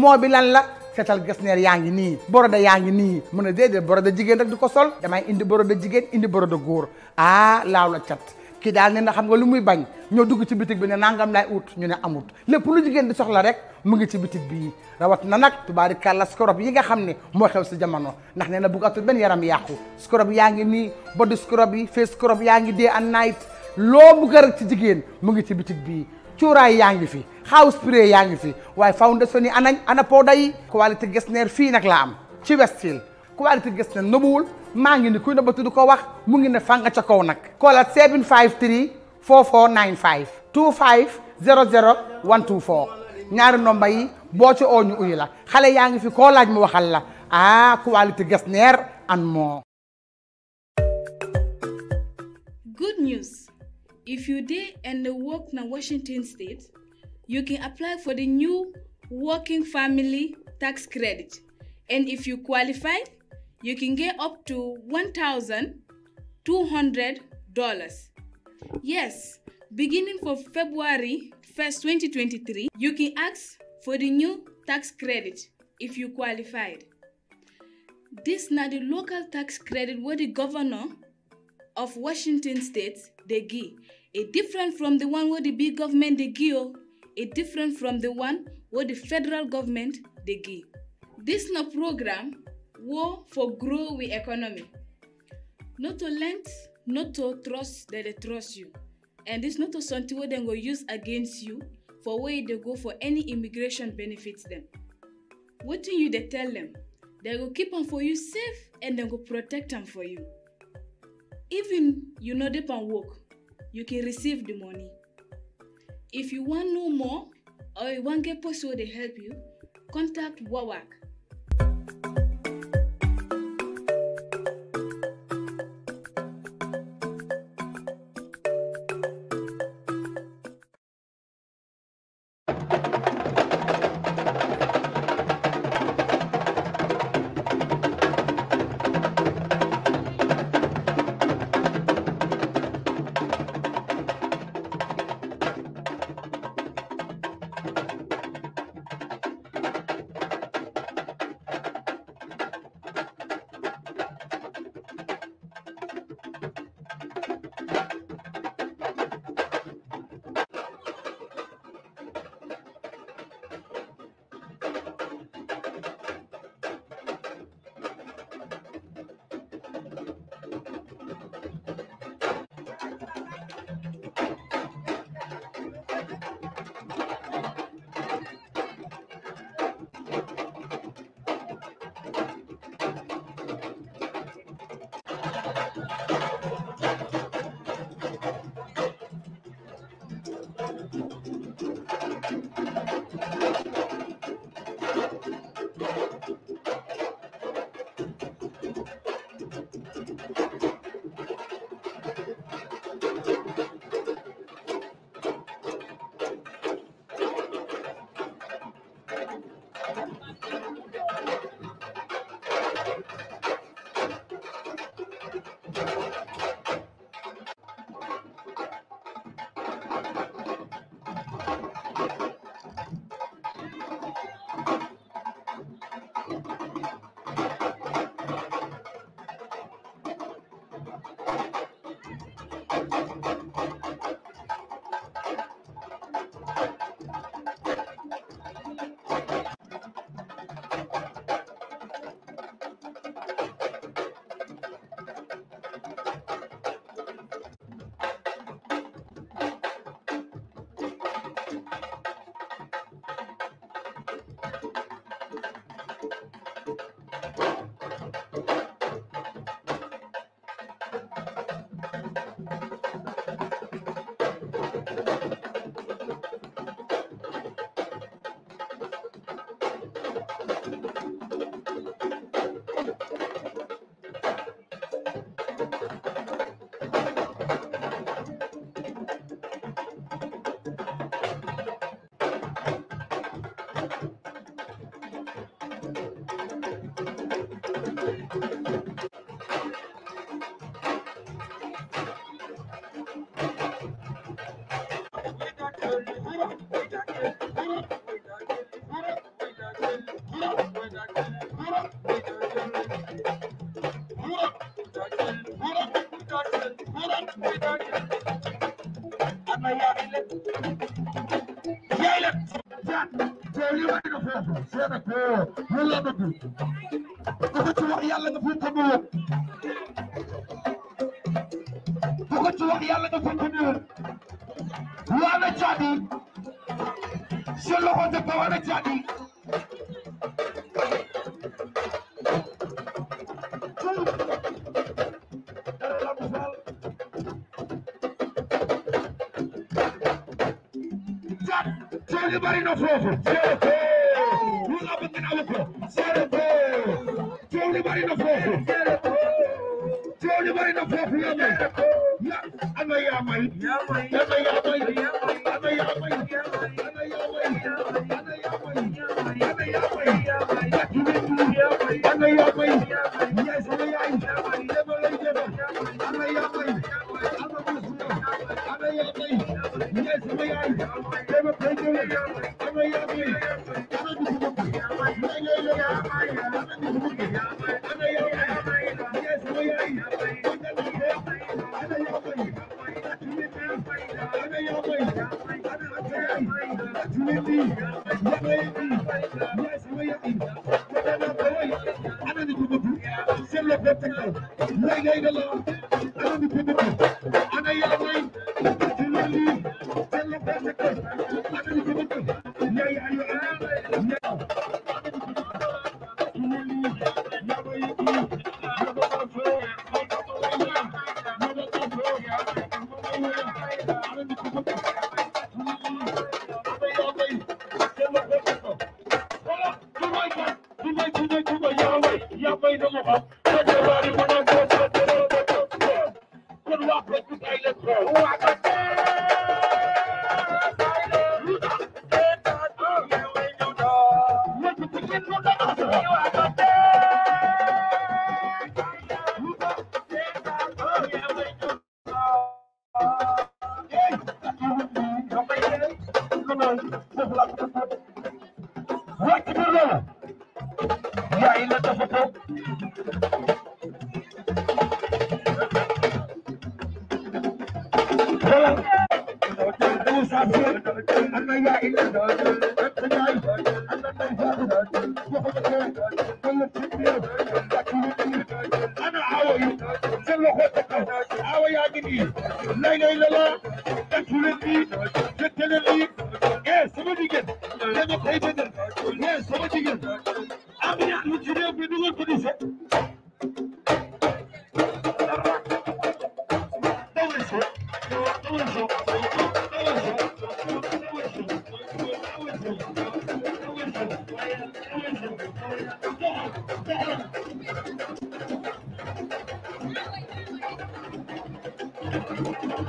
moo bi lan la seetal neer yaa ngi nii boroda yaa ngi nii mun a déedéet boroda jigéen rek di ko sol damay indi boroda jigéen indi boroda góor ah laaw la cat kii daal ne na xam nga lu muy bañ ñoo dugg ci bitig bi ne nangam laay ut ñu ne amut lépp lu jigéen di soxla rek mu ngi ci bitig bii rawat na nag tubaari kàlla scrub yi nga xam ne moo xew si jamono ndax nee na bëggatul benn yaram yàqu scrub yaa ngi nii body scrub yi face scrub yaa ngi day an night loo bëgg ci jigéen mu ngi ci bitig bii cuuraay yaa ngi fi house spray yaa ngi fi waaye foundation yi anañ ana powda yi qualité Getzner fii nag la am ci Westfield qualité Getzner nëbuwul maa ngi ni kuy nëbbatu du ko wax mu ngi ne fanga ca kaw nag koolaat 753 4495 25 00 124 ñaari nomba yi boo ci oo ñu uyu la xale yaa ngi fi koo laaj mu waxal la ah qualité Getzner and more. if you did and work in washington state you can apply for the new working family tax credit and if you qualify you can get up to $1200 yes beginning for february 1st 2023 you can ask for the new tax credit if you qualified this not the local tax credit where the governor of washington state dey give it different from the one where the big government they give. It different from the one where the federal government they give. This no program war for grow we economy. Not to lend, not to trust that they trust you. And this not to something where they go use against you for where they go for any immigration benefits them. What do you they tell them? They go keep them for you safe and they go protect them for you. Even you know they can work, you can receive the money. If you want to know more or you want to get post where they help you, contact Wawak. Thank you. na foofu séeréko lu la bëgg na ko séeréko coow li bari na foofu séeréko coow li bari na foofu yaa may yaa ana yaa may って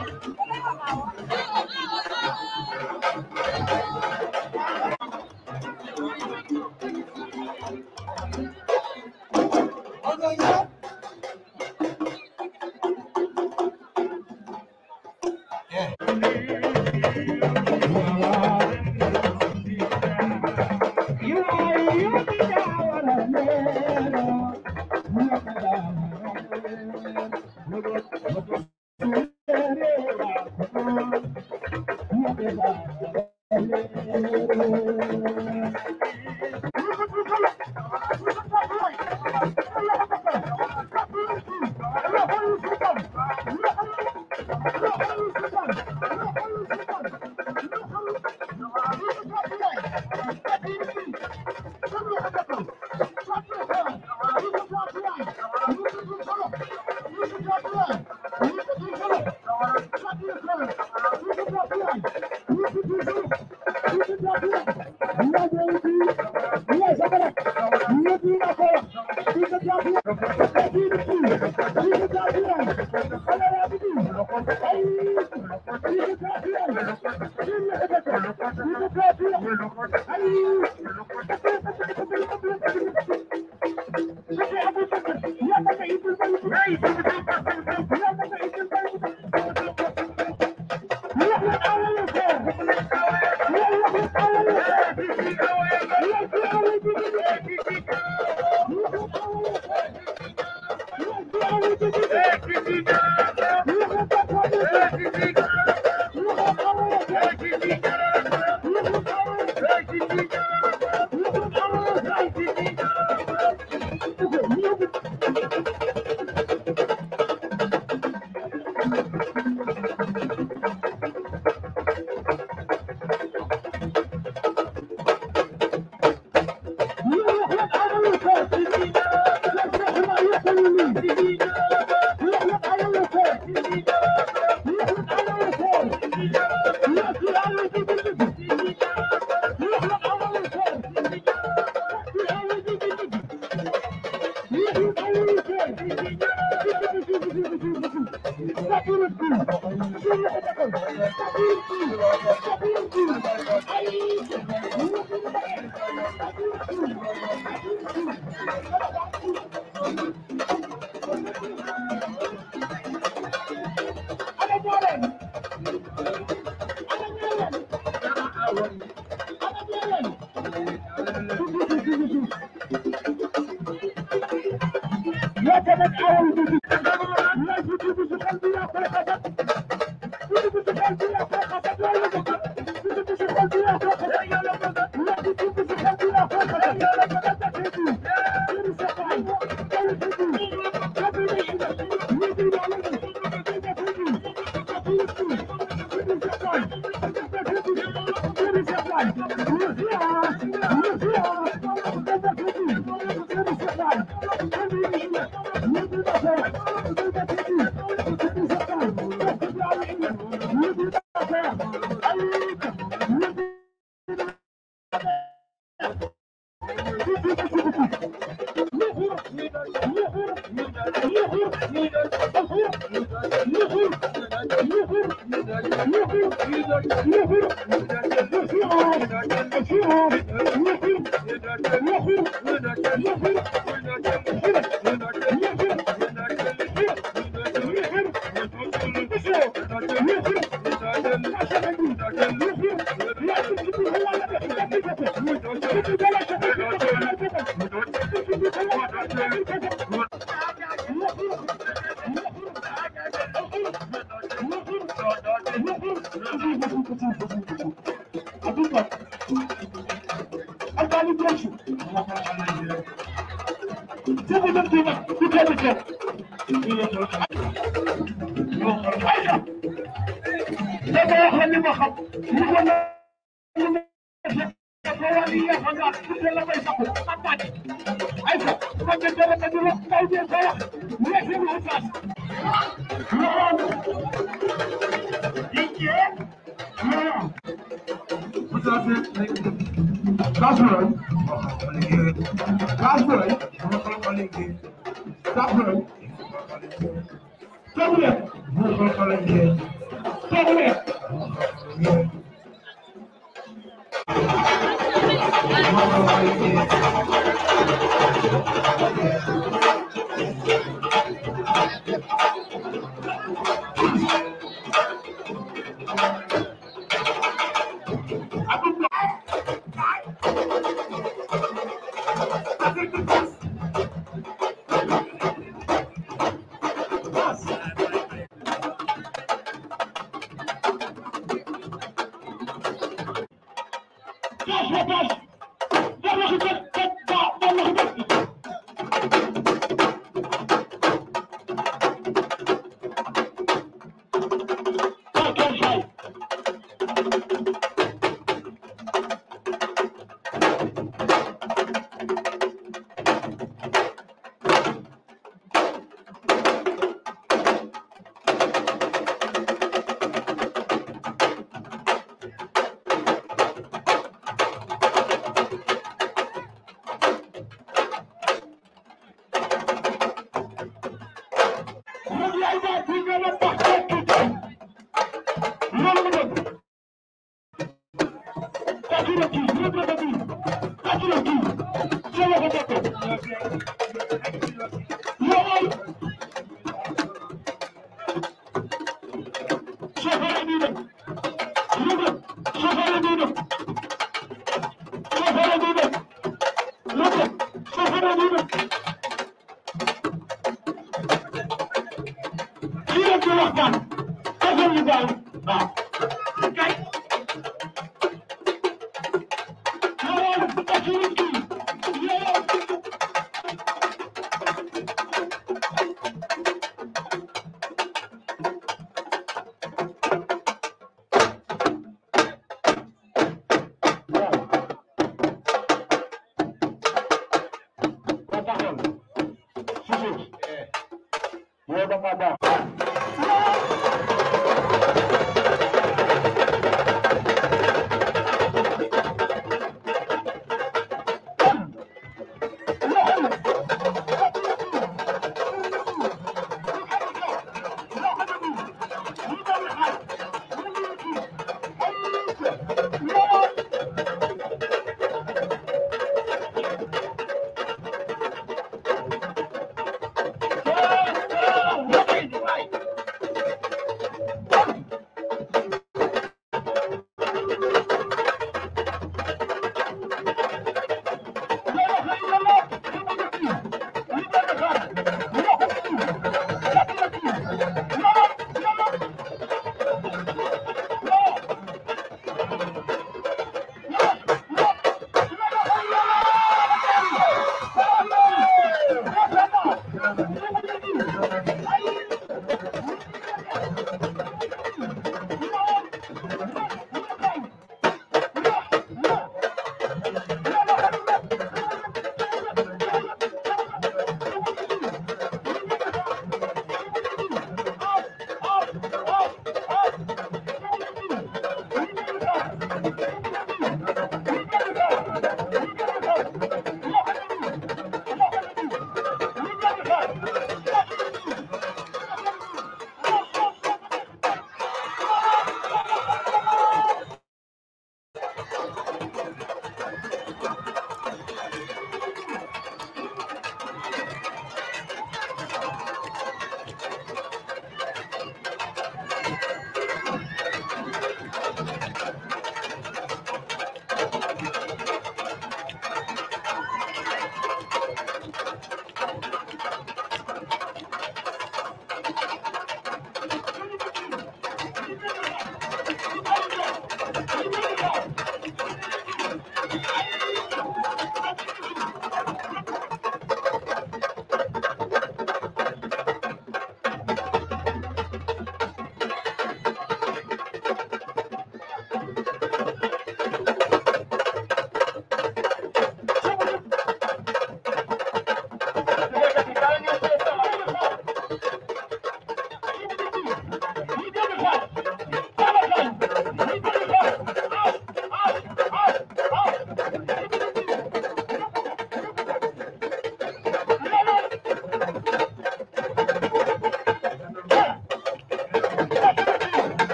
properly.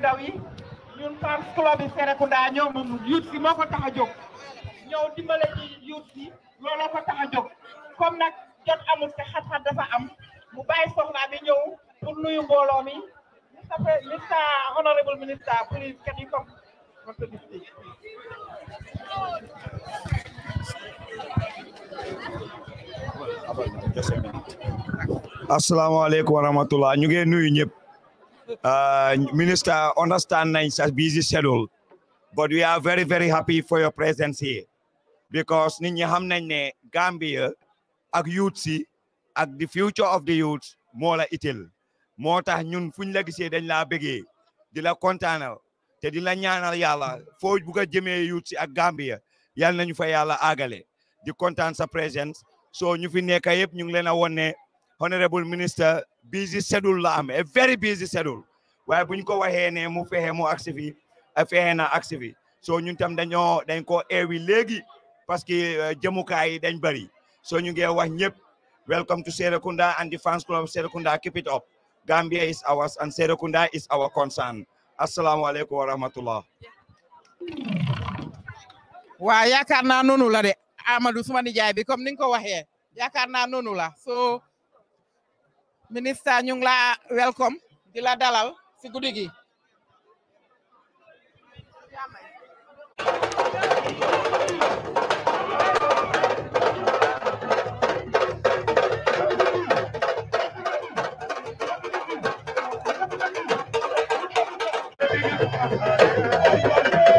ndaw yi ñun fans club yi Serekunda ñoo moom youth si moo ko tax a jóg ñëw dimbale ci youth si looloo ko tax a jóg comme nag jot amul te xat-xat dafa am mu bàyyi soxlaa bi ñëw pour nuyu mbooloo mi Mr. Honorable Minister, please can you ñu ngi nuyu ñëpp Uh, Minister, understand it's a busy schedule, but we are very, very happy for your presence here because nit ñi xam nañ ne Gambia ak youth si ak the future of the youth moo itil moo tax ñun fuñ la gisee dañ laa bëggee di la kontaanal te di la ñaanal yàlla foo bugg a jëmee youth si ak Gambia yàlla nañu fa yàlla aagale di kontaan sa présence so ñu fi nekk yëpp ñu ngi leen a won ne honorable minister busy schedule la am a very busy schedule waye buñ ko waxé ne mu fexé mu agsi fi fexé na agsi fi so ñun tam dañu dañ ko éwi légui parce que euh, jëmukaay dañ bari so ñu ngi wax ñëpp welcome to Serekunda and the fans club Serekunda keep it up Gambia is ours and Serekunda is our concern Assalamualaikum warahmatullah. wa rahmatullah wa yaakaar la de Amadou suma nijaay bi comme ni nga ko waxee la so ministre ñu la welcome di la dalal security की Thank you.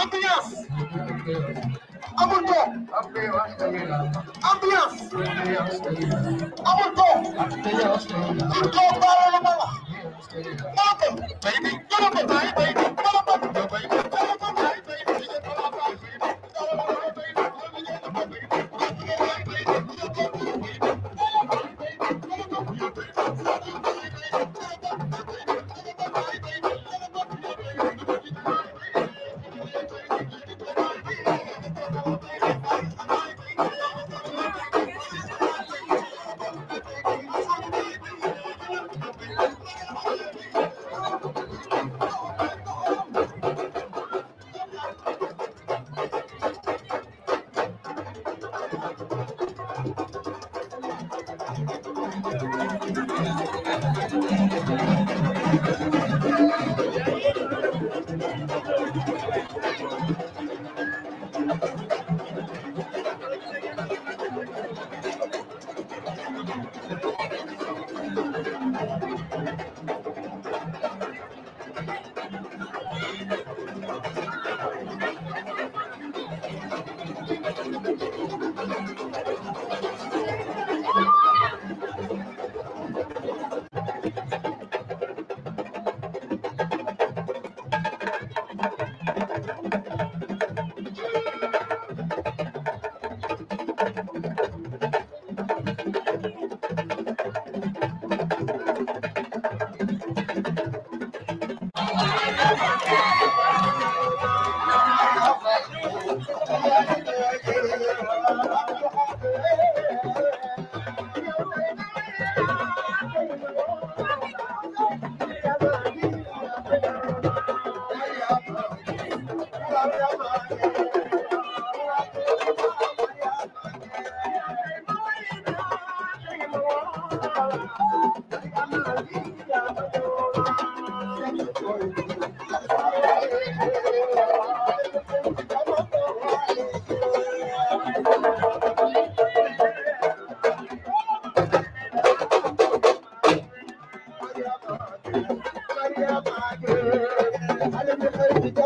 ambiance amul toog ambiance amul toog I am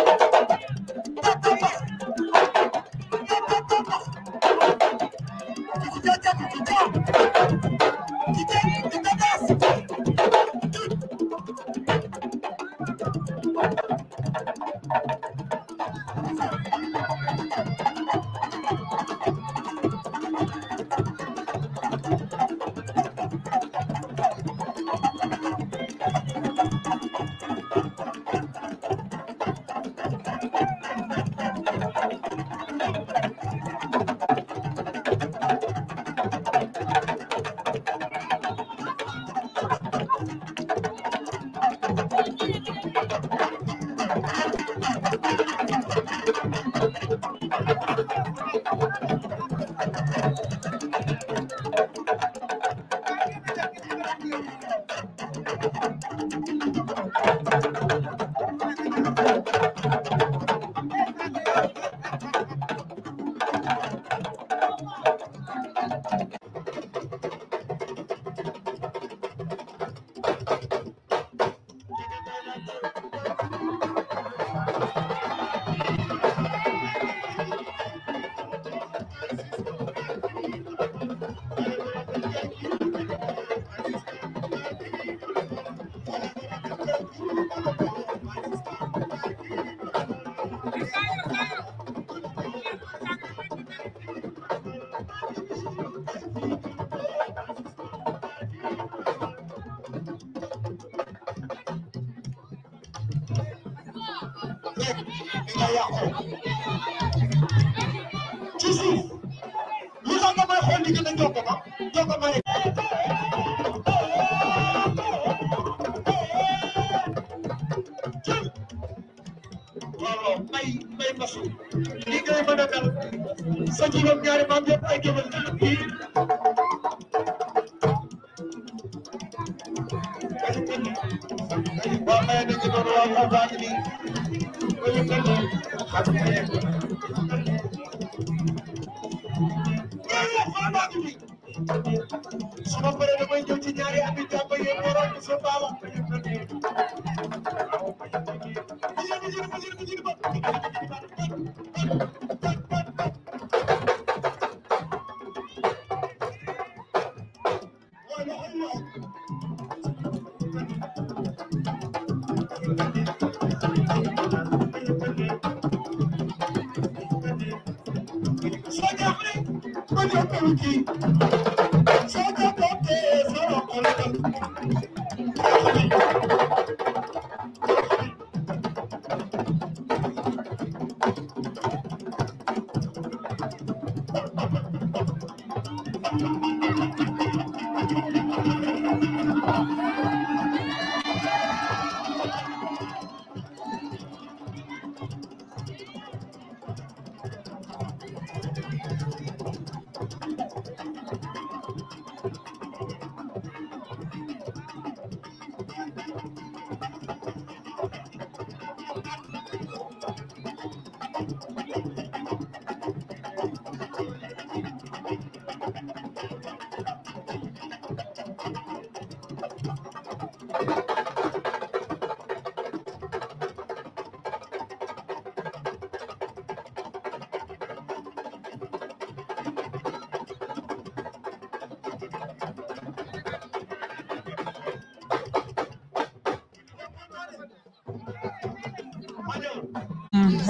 Olha eu tenho que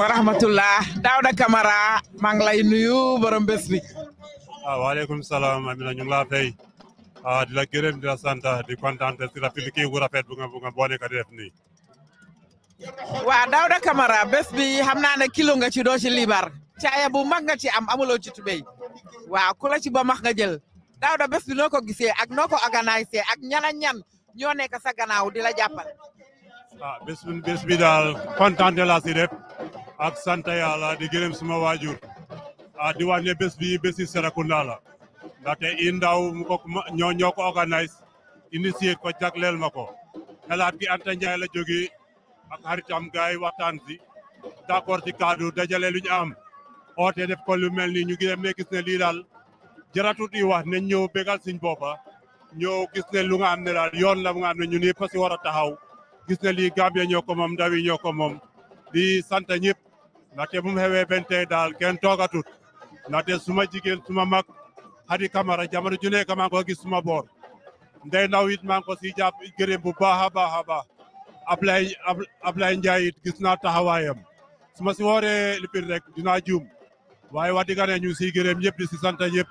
wa rahmatullah kamara mang lay nuyu borom bés bi. waaw ah, waaleykum salaam Amina ñu la laa ah di la gërëm di la santa di kontaan ci la kii wu rafet bu nga bu nga boone ka def ni wa dauda kamara bés bi ne kilo nga ci do ci libar caaya bu mag nga ci am amulo ci tubéy wa ku la ci ba mag nga jël dauda bés bi noo ko ak noko organisé ak ñana ñan ño nek sa gannaaw di la jappal ah bés bi bés bi la ci def ak sant yàlla di gërem suma wajur a ah, di wax ne bi bési Serekunda la ndaxte i ndaw mu ko ñoo ñoo ko organise initié ko jaglel mako xalaat gi Anta ñay la joggi ak haritam gaay waxtan si d'accord ci cadre dajale lu am oote def ko lu melni ñu ngi gis ne li dal jaratu di wax ne bégal suñ bopa gis ne lu nga am ne dal yoon la nga am ñu taxaw gis ne li Gambia ñoko mom ndawi ñoko mom di sante ñëpp ndaxte bu mu xewee benn tey daal kenn toogatut ndaxte suma jigéen suma mag Hadi kamara jamono ju nekk maa ngi gis suma boor ndey ndaw it maa ngi ko siy jàpp gërëm bu baax a baax a baax Ablaye Ablaye Ndiaye it gis naa taxawaayam su ma si wooree lipir naa dinaa juum waaye wax dëgg ne ñu ngi siy ñëpp di si sant ñëpp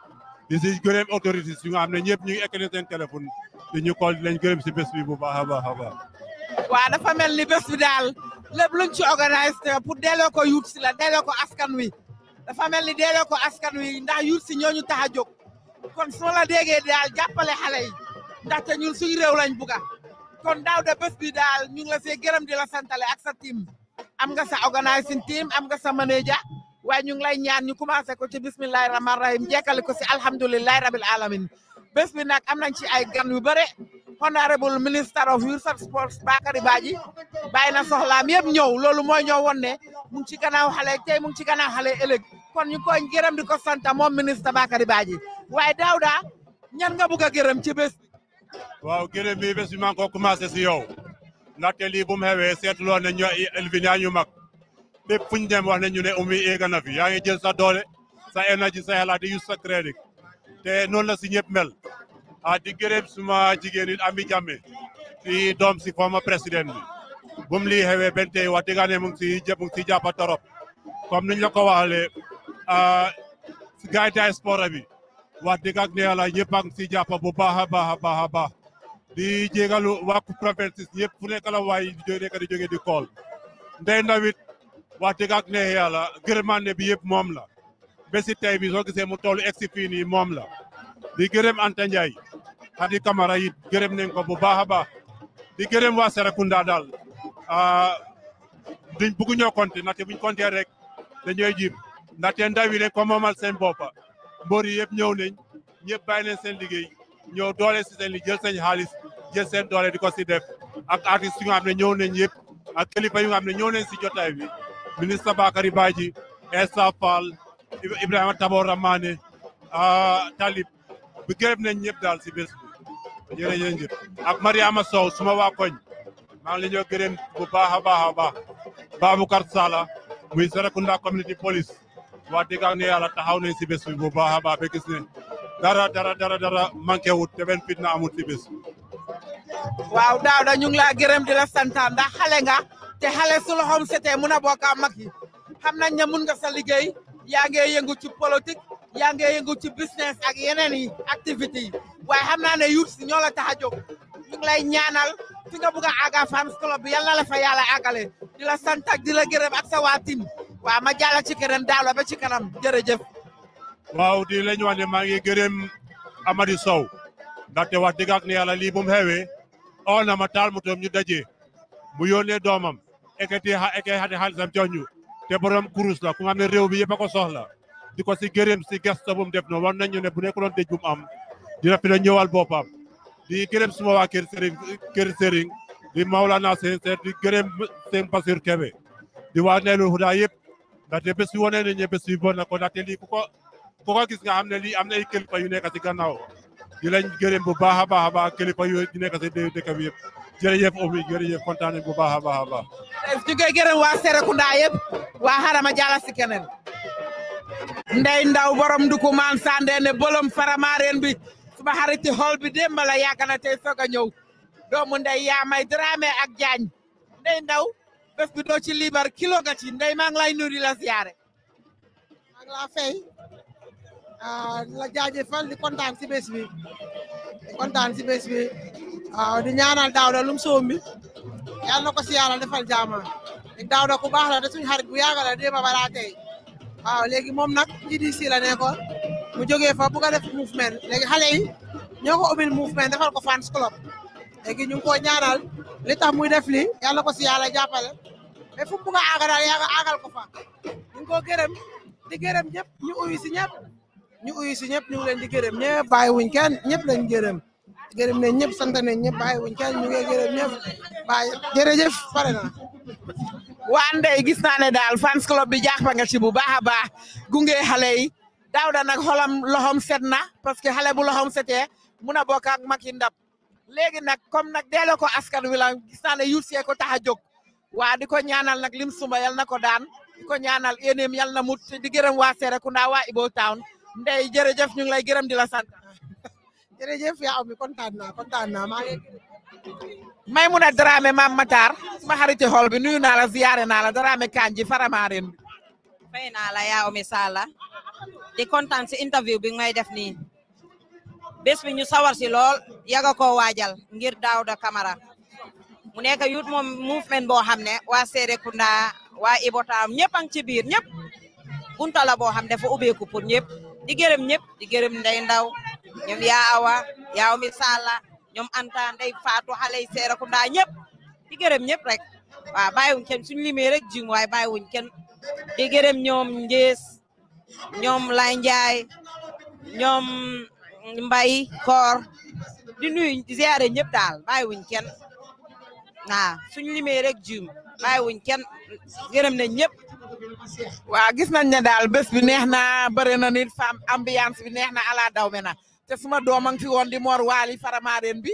di si gërëm autorités yi nga xam ne ñëpp ñu ngi ekkale seen téléphone di ñu xool di leen gërëm si bés bi bu baax a baax a baax. waa dafa mel daal. lépp luñ ci organisé pour delloo ko yuut si la delloo ko askan wi dafa mel ni delloo ko askan wi ndax yuut si ñooñu tax a jóg kon soo la déggee daal jàppale xale yi ndaxte ñun suñu réew lañ buga kon daaw de bés bi daal ñu ngi la see gërëm di la santale ak sa team am nga sa organising team am nga sa manager waaye ñu ngi ñaan ñu commencé ko ci bismillahi rahmaani rahim jekkale ko si alhamdulilahi rabil alamin bés bi nag am nañ ci ay gan yu bëre honorable minister of youth and sports Bakary Badji bàyyi na soxlaam yëpp ñëw loolu mooy ñoo woon ne mu ngi ci gannaaw xale tey mu ngi ci gannaaw xale ëllëg kon ñu koy gërëm di ko sant moom ministre baa Badji waaye Daouda ñan nga bugg a gërëm ci bés waaw gërëm bi bés bi maa ngi ko commencé si yow ndaxte lii bu mu xewee seetuloo ne ñu Elvin yaa ñu mag bépp fu ñu dem wax ne ñu ne Oumy éega na ngi jël sa doole sa énergie sa xalaat di sa crédit te noonu la si ñëpp mel ah di gërëm suma jigéen ñi Ami Jammeh si doom si former président bi bu mu lii xewee benn tey wax mu ngi siy mu ngi siy jàpp torop comme ni ñu la ko waxalee si gaytaay sport bi wax dëgg ak ne yàlla ñëpp a ngi siy jàpp bu baax a baax a baax di jégalu waa provinces ñëpp fu nekk la waay di nekk di jóge di kool ndey ndawit wax dëgg ak ne yàlla gërëmaane bi yëpp moom la ba si bi soo gisee mu toll egg moom la di gërëm Anta Ndiaye Hadi Camara it gërëm nañ ko bu baax a baax di gërëm wa Serekunda daal ah, duñ bugg ñoo compter ndaxte buñ rek dañuy jiib ndaxte ndaw yi dañ ko moomal seen bopp mbor yi yëpp ñëw nañ ñëpp bàyyi seen liggéey ñëw doole si seen li jël seen xaalis jël seen doole di ko si ak artistes yu xam ne ñëw nañ yëpp ak kilifa yu nga xam ne ñëw nañ si jotaay bi ministre Bakary Badji Essa Fall Ibrahima Tabora Mane ah, Talib bi gërëm nañ ñëpp daal si bés jërëjëf ak Mariama Sow suma waa koñ maa ngi leen di gërëm bu baax a baax a baax Baboucar Sala muy Serekunda community police wax dëgg ne yàlla taxaw nañ si bés bi bu baax a baax ba gis ne dara dara dara dara manqué wut te benn fitna amul si bés waaw daaw da ñu ngi laa gërëm di la santaan ndax xale nga te xale su loxoom setee mun a bokk ak mag yi xam nañ ne mun nga sa liggéey yaa yëngu ci politique yaa ngi yëngu ci business ak yeneen yi activités yi waaye xam naa ne youth si ñaanal fi nga bugg a àgga bi yal na la fa di la sant ak di la gërëm ak sa waa tim waaw ma jàll ci keneen daal ba ci kanam jërëjëf. waaw di maa ngi gërëm Sow ndaxte wax dëgg ak ne yàlla lii bu mu xewee oo ma taal mu toom ñu daje mu yónnee doomam ekkati ha ekkati xaalisam te borom kurus la ku nga xam bi yëpp a ko soxla. di ko si gërëm si gëstu bu def noonu war ne bu nekkuloon dëj bu mu am dina fi ñëwal boppam di gërëm suma waa kër Sëriñ kër Sëriñ di Maolana Seen Seet di gërëm Seen Basir Kebe di waa Nelul Huda yëpp ndaxte bés yu wane nañu bés yu bon na ko ndaxte lii ku ko ku ko ne lii am na ay kilifa yu nekk si gannaaw di lañ gërëm bu baax a baax a baax kilifa yu nekk si dëkk bi yëpp jërëjëf Oumy jërëjëf kontaan nañu bu baax a baax a baax. ñu koy ndey ndaw borom ndukumaan sandeene bolom faramaareen bi suma xariti xool bi démb la yàgg tey soog a ñëw doomu ndey yaa may ak jaañ ndey ndaw bés bi doo liibar kilo ga ndey maa lay nuyu la siyaare maa laa fay ah, la jaajëfal di kontaan si bés bi di kontaan si bés bi ah, di ñaanal daaw da soom bi yàlla na ko defal jaama daaw da ku baax la te suñu xarit bu yàgg tey waaw léegi moom nag GDC la nekkoon mu jógee fa bu ko def mouvement léegi xale yi ñoo ko ubbil mouvement defal ko fans club léegi ñu ngi koo ñaanal li tax muy def li yàlla ko si yàlla jàppale mais fu mu bugg a aaga daal yaa nga aagal ko fa ñu ngi koo gërëm di gërëm ñëpp ñu uyu si ñëpp ñu uyu si ñëpp ñu ngi leen di gërëm ñëpp bàyyi wuñ kenn ñëpp lañ gërëm gërëm nañ ñëpp sant nañ ñëpp bàyyi wuñ kenn ñu ngi gërëm ñëpp bàyyi jërëjëf pare na waa ndey gis naa ne daal fans club bi jaax ba nga ci bu baax a baax gunge xale yi daaw da nag xolam loxom set na parce que xale bu loxom setee mun a bokk ak mag yi ndab léegi nag comme nag delloo ko askan wi la gis naa yuut see ko tax a jóg waa di ko ñaanal nag lim sumba yal na ko daan di ko ñaanal yéeneem yal na mut di gërëm waa Serekunda waa Ibo Town ndey jërëjëf ñu ngi lay gërëm di la sant jërëjëf Maimouna Dramé maam Matar ma xariti xol bi nuyu naa la ziyaare naa la Dramé Kandji Faramareen fay naa la yaa Omi di kontaan si interview bi may def nii bés bi ñu sawar si lool yaga ko waajal ngir Daouda kamara mu nekk youth moom movement boo xam ne waa Serekunda waa Ibotam ñëpp a ngi ci biir ñëpp bunta la boo xam ne dafa ubbeeku pour ñëpp di gërëm ñëpp di gërëm Ndey Ndaw ñoom yaa Awa yaa Omi ñoom Anta Ndeye Fatou xale yi Serekunda ñëpp di gërëm ñëpp rek waaw bàyyiwuñ kenn suñu limee rek jim waaye bàyyiwuñ kenn di gërëm ñoom Ngees ñoom Lay Njaay ñoom Mbay Koor di nuyu ziare ñëpp daal bàyyiwuñ kenn na suñu limee rek jim bàyyiwuñ kenn gërëm nañ ñëpp. waaw gis nañ ne daal bés bi neex na bëri na nit femme ambiance bi neex na ala daw me na te suma doom a ngi fi woon di Mor Waly Faramareen bi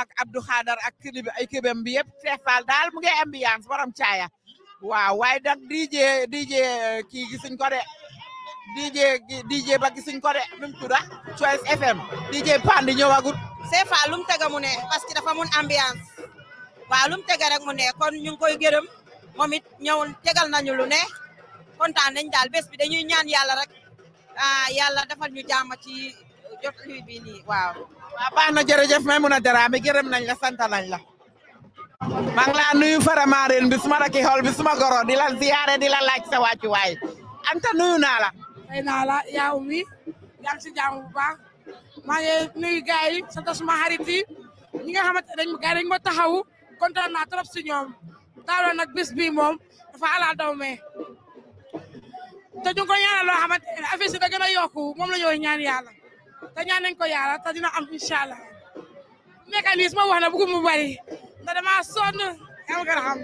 ak Abdou Khadar ak kili bi ay kibem bi yëpp Cheikh Fall daal mu ngi ambiance borom caaya waaw waaye nag DJ DJ eh, kii gisuñ ko de DJ DJ ba gisuñ ko de num tuda ah? Choice FM DJ Pandi ñëwagut Cheikh Fall lu mu tege mu ne parce que dafa mun ambiance waaw lu mu rek mu ne kon ñu ngi koy gërëm moom it ñëw tegal nañu lu ne kontaan nañ daal bés bi dañuy ñaan yàlla rek ah yàlla ñu jàmm ci jot luy bi nii waaw waaw baax na jërëjëf Maimouna Darame gërëm nañ la sant nañ la maa ngi laa nuyu Faramareen bi suma rakki xol bi suma goro di la ziyaare di la laaj sa wàccuwaay Anta nuyu naa la fay naa la yaaw mi yaa si jàmm bu ya maa ngi nuyu gars yi sant suma xarit yi ñi nga xamante dañ gars yi dañ ma taxawu kontaan naa trop si ñoom taaloon nag bis bii moom dafa ala daw mee te ñu ko ñaanal loo xamante affaire si da gën yokku moom la ñooy ñaan yàlla te ñaan nañ ko yàlla te dina am incha allah mécanisme wax na bëggum mu bari te dama sonn yàlla nga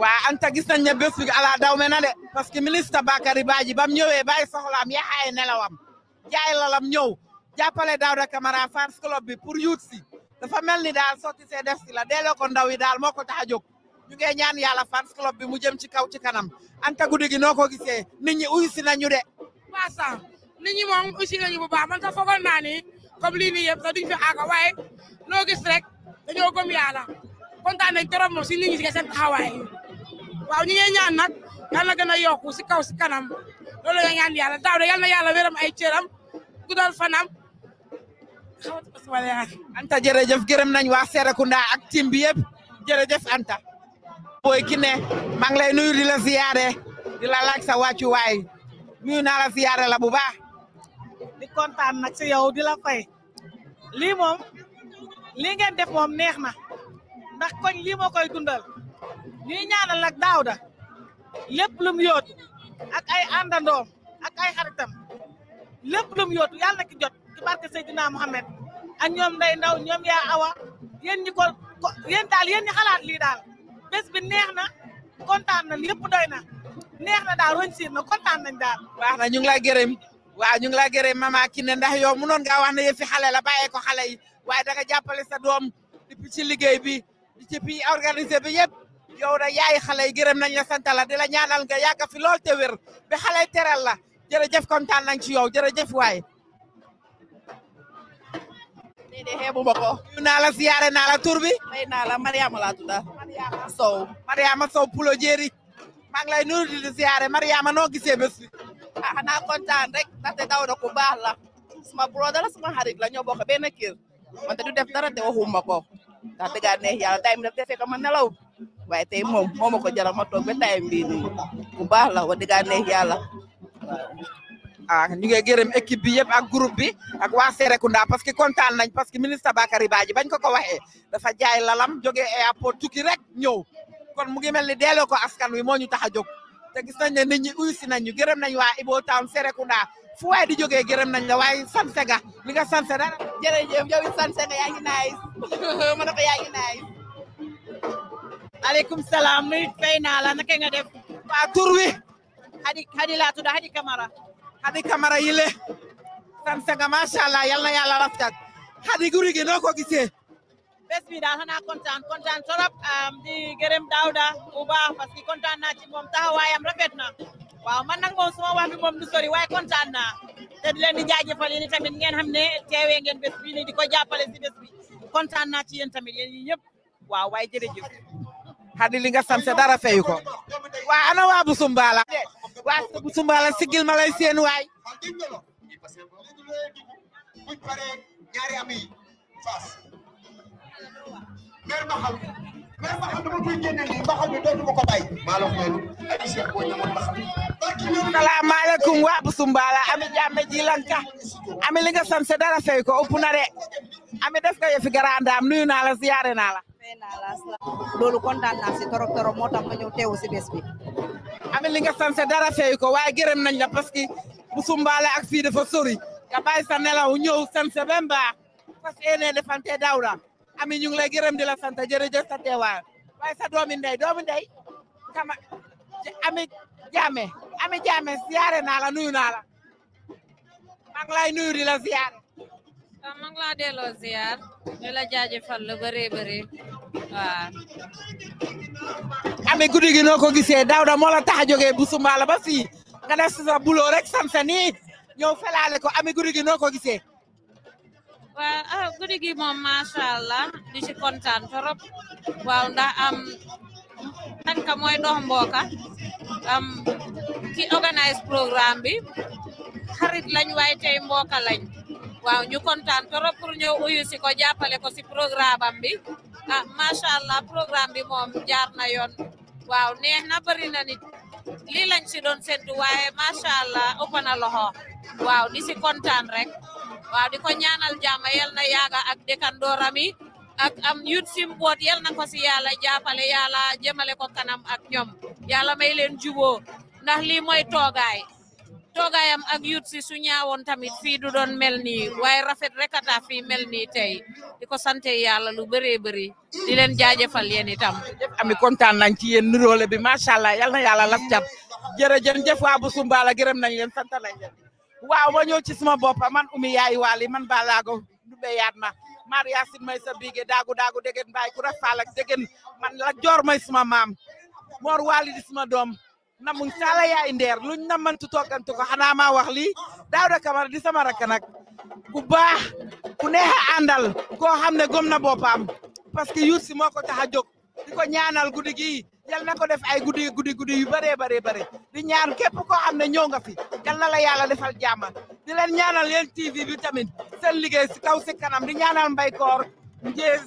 waa Anta gis nañ ne bés bi ala na de parce que ministre Bakary ba bam ñëwee bàyyi soxlaam yaxaay nelawam jaay lalam ñëw jàppale Daouda Camara fans club bi pour yuut dafa mel ni daal sotti see def si la delloo ko ndaw yi daal moo ko tax a ñu ngi ñaan yàlla fans club mu jëm ci kaw ci kanam Anta guddi gi noo ko gisee nit ñi uyu si nañu de. 300. nit ñi moom aussi nañu bu baax man sax foogal naa ni comme fi àgga waaye loo rek dañoo gëm yàlla kontaan nañ trop moom si nit ñi si seen taxawaay yi waaw ñu ngi ñaan nag na gën yokku si kaw si kanam loolu la ñaan yàlla daaw na yàlla wéram ay cëram guddal fanam Anta jërëjëf gërëm nañ waa Serekunda ak team bi yëpp jërëjëf Anta booy ki ne maa ngi lay nuyu di la siyaare di la laaj sa wàccuwaay nuyu naa la siyaare la bu baax kontaan nag si yow di la fay lii moom lii ngeen def moom neex na ndax koñ lii moo koy dundal ñuy ñaanal nag Daouda lépp lum yootu ak ay àndandoom ak ay xaritam lépp lum yootu yàlla na ki jot ci barke Seydina Mohamed ak ñoom nday ndaw ñoom yaa awa yéen ñi ko yéen daal yéen ñi xalaat lii daal bés bi neex na kontaan na lépp doy na neex na daal roñ siir na kontaan nañ daal baax na ñu ngi lay gërëm waaw ñu ngi laa gërëm mama Kine ndax yow mu munoon ngaa wax ne yëfi xale la bàyyee ko xale yi waaye da jàppale sa doom depuis ci liggéey bi di ci bi organisé bi yëpp yow da yaay xale yi nañ la sant la di la ñaanal nga yàgg fi lool te wér ba xale yi teral la jërëjëf kontaan nañ ci yow jërëjëf waay. déedéet xeebu ma ko. nuyu naa la siyaare naa la tur bi. naa la Mariama laa tudd. Mariama Sow Mariama Sow Pulo Jéeri maa lay nuyu di siyaare Mariama noo gisee bés bi. ah xanaa kontaan rek ndaxte daw na ku la suma brother la suma xarit la ñoo bokk benn kër wante du def dara te waxuma ko ndax dëgg time def te fekk ma nelaw waaye tey moom moo ma ko jaral ma toog ba time bii nii ku baax la wax dëgg neex yàlla ah ñu ngi gërëm équipe bi yëpp ak groupe bi ak waa Serekunda parce que kontaan nañ parce que ministre Bakary Badji bañ ko ko waxee dafa jaay lalam jógee airport tukki rek ñëw kon mu ngi mel ni delloo ko askan wi moo ñu tax a jóg te gis nañ ne nit ñi uyu si nañ ñu gërëm nañ waa Ibo Town Serekunda fu waay di jógee gërëm nañ la waaye sanse ga li nga sanse dara. jërëjëf yow it sanse yaa ngi nice ma ne yaa ngi nice. aleykum salaam nuyu fay naa la naka nga def. waa tur wi. Hadi Hadi laa tudd Hadi Camara. Hadi Camara yile. sanse nga yal na yàlla rafetal. Hadi guri gi noo ko gise bés bi daal xanaa kontaan kontaan torop di gërëm Daouda bu parce que kontaan naa ci moom taxawaayam rafet na waaw man nag moom suma wax bi du sori waaye kontaan naa te di di jaajëfal yéen tamit ngeen xam ne teewee ngeen bés bi nii di ko jàppale si bés kontaan naa ci yéen tamit yéen ñi ñëpp waaw waaye jërëjëf. xadi li nga dara feyu ko waa ana waa bu sumbaala waa bu sumbaala sigil ma waay meer mbaxal meer mbaxal dama koy génne nii mbaxal bi ko waa ami jàmme ji lanka ami li nga sanse dara fay ko na de ami def nga yëfi garaandaam nuyu naa la ziyaare naa la loolu kontaan si torop torop moo tax ma teewu si bés ami li nga sanse dara fay waaye gërëm nañ la parce que Busumbala ak fii dafa sori nga sa nelaw ñëw sanse ba mbaax parce que defante dawra ami ñu ngi lay gërëm di la sant jërëjëf sa teewaay waaye sa doomi ndey doomi ndey kama ami jaame ami jaame siyaare naa la nuyu naa la maa nuyu di siyaare waaw maa ngi laa delloo ziar ñu la jaajëfal ami guddi ko gisee Dawda moo la tax a jógee bu ba fii nga def buloo rek samsa nii ñëw felaale ko ami guddi ko gisee waaw ah guddi eh, gi moom macha allah di kontaan torop waaw ndax am tanka mooy dox mbooka am ki organise programme bi xarit lañ waaye tey mbooka lañ waaw ñu kontaan torop pour ñëw uyu si ko jàppale ko si programme am bi ah macha allah programme bi moom jaar na yoon waaw neex na bëri nit lii lañ si doon séntu waaye macha allah ëpp loxo waaw di si kontaan rek. waaw di ko ñaanal jàmm yal na yaaga ak dëkkandooram yi ak am yuut sim boot yal ko si yàlla jàppale yàlla jemale ko kanam ak ñoom yàlla may leen juboo ndax lii mooy toogaay toogaayam ak yut si su ñaawoon tamit fii du doon mel nii waaye rafet rek a tax fii mel nii tey di ko sante yàlla lu bëree bëri di leen jaajëfal yéen itam. ami kontaan nañ ci yéen nuroole bi macha allah yal na yàlla laf cap jërëjëf waa bu Sumbala gërëm nañ leen sant nañ leen waaw ma ñëw ci suma boppa man umi yaay waali man balaago du yaat ma maria sin may sa biige daagu daagu degen mbaay ku rafaal ak degen man la joor may suma maam moor waali di suma doom namu mu saala yaay ndeer luñ na mëntu toogantu ko xanaa ma wax lii Daawda Camara di sama rakk nag ku baax ku neex a àndal koo xam ne gom na boppam parce que yuut si moo ko tax a di ko ñaanal guddi gi yal na ko def ay guddi guddi guddi yu bëree bëree bëri di ñaan képp ko am na ñëw nga fi yal la yàlla defal jàmm di leen ñaanal yéen TV bi tamit seen liggéey si kaw si kanam di ñaanal mbaykoor Njées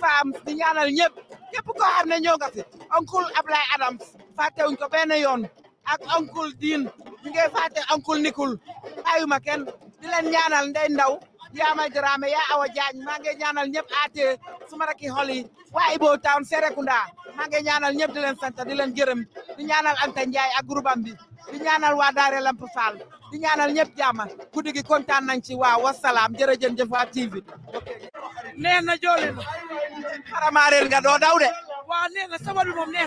Fam di ñaanal ñëpp képp koo xam ne ñëw nga fi oncle Ablaye Adams fàttewuñ ko benn yoon ak oncle Diin ñu ngi fàtte oncle Nikul ayuma kenn di leen ñaanal Ndey Ndaw. yaa may daraame yaa awa jaañ maa ngi ñaanal ñëpp aate suma raki xol yi waa Ibo Town Serekunda ñaanal ñëpp di leen santa di leen gërëm di ñaanal Anta Ndiaye ak groupe bi di ñaanal waa Daare Lamp Fall di ñaanal ñëpp jàmm guddi gi kontaan nañ ci waaw wasalaam jërëjëf jëf waa TV nee na joole na xaramaareel nga doo daw de waaw nee na sama bi moom nee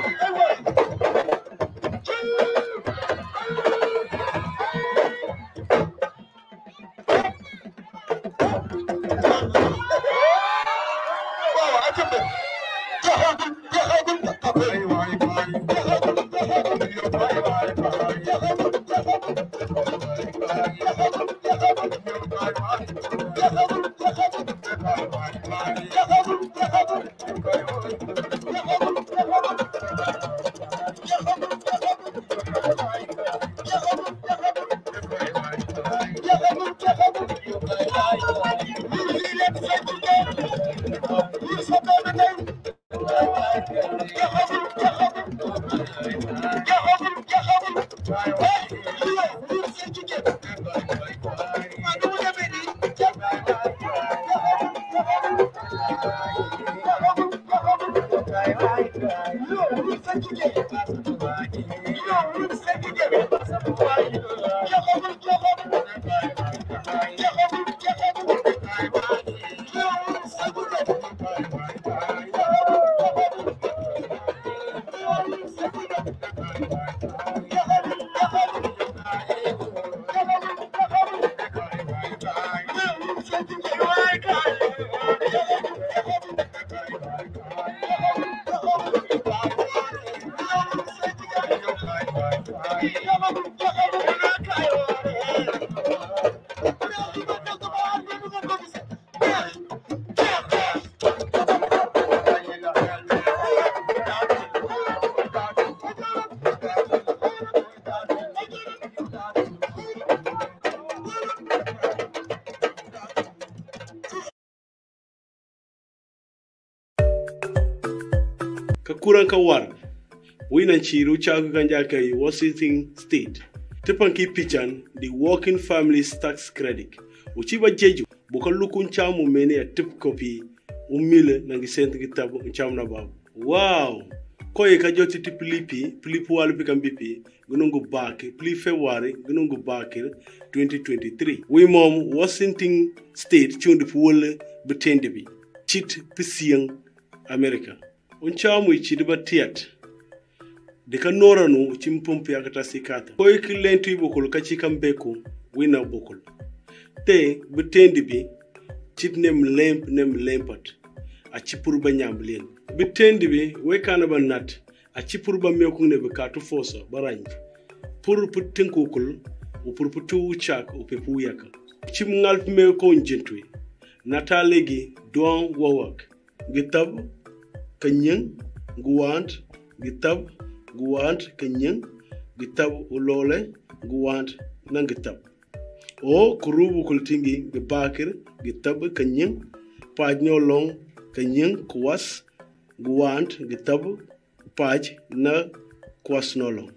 and Chiru Chaguganjakayu Washington State. Tepanki Pichan, the Working Families Tax Credit. Uchiba Jeju, Bukalukun Chamu Mene a tip copy, Umile Nangisent Gitabu Chamna Babu. Wow! Koye kajoti ti pilipi, pilipu wali pika mbipi, gunungu baki, pili February, gunungu baki, 2023. We mom, Washington State, chundi puwole, betendebi. Chit pisiyang, America. Unchamu ichidiba tiat. de ka nora no ta sika ta ko ka ci kachi ko wina bokul te tendi bi ci nem lemp nem lempat a chipur ba nyam bitendi bi we kana ba nat a chipur ba mekun ne tu fosa barany pur putin kokul upur putu chak upepu yaka chim ngalp me ko njentwe natalegi don wawak gitab kanyen guwant gitab guwant kenyeng gitab gu guwant nan tab o kurubu kultingi gibakir gitab kenyeng pajnyo long gu kuwas gu tab paj na kuwas nolong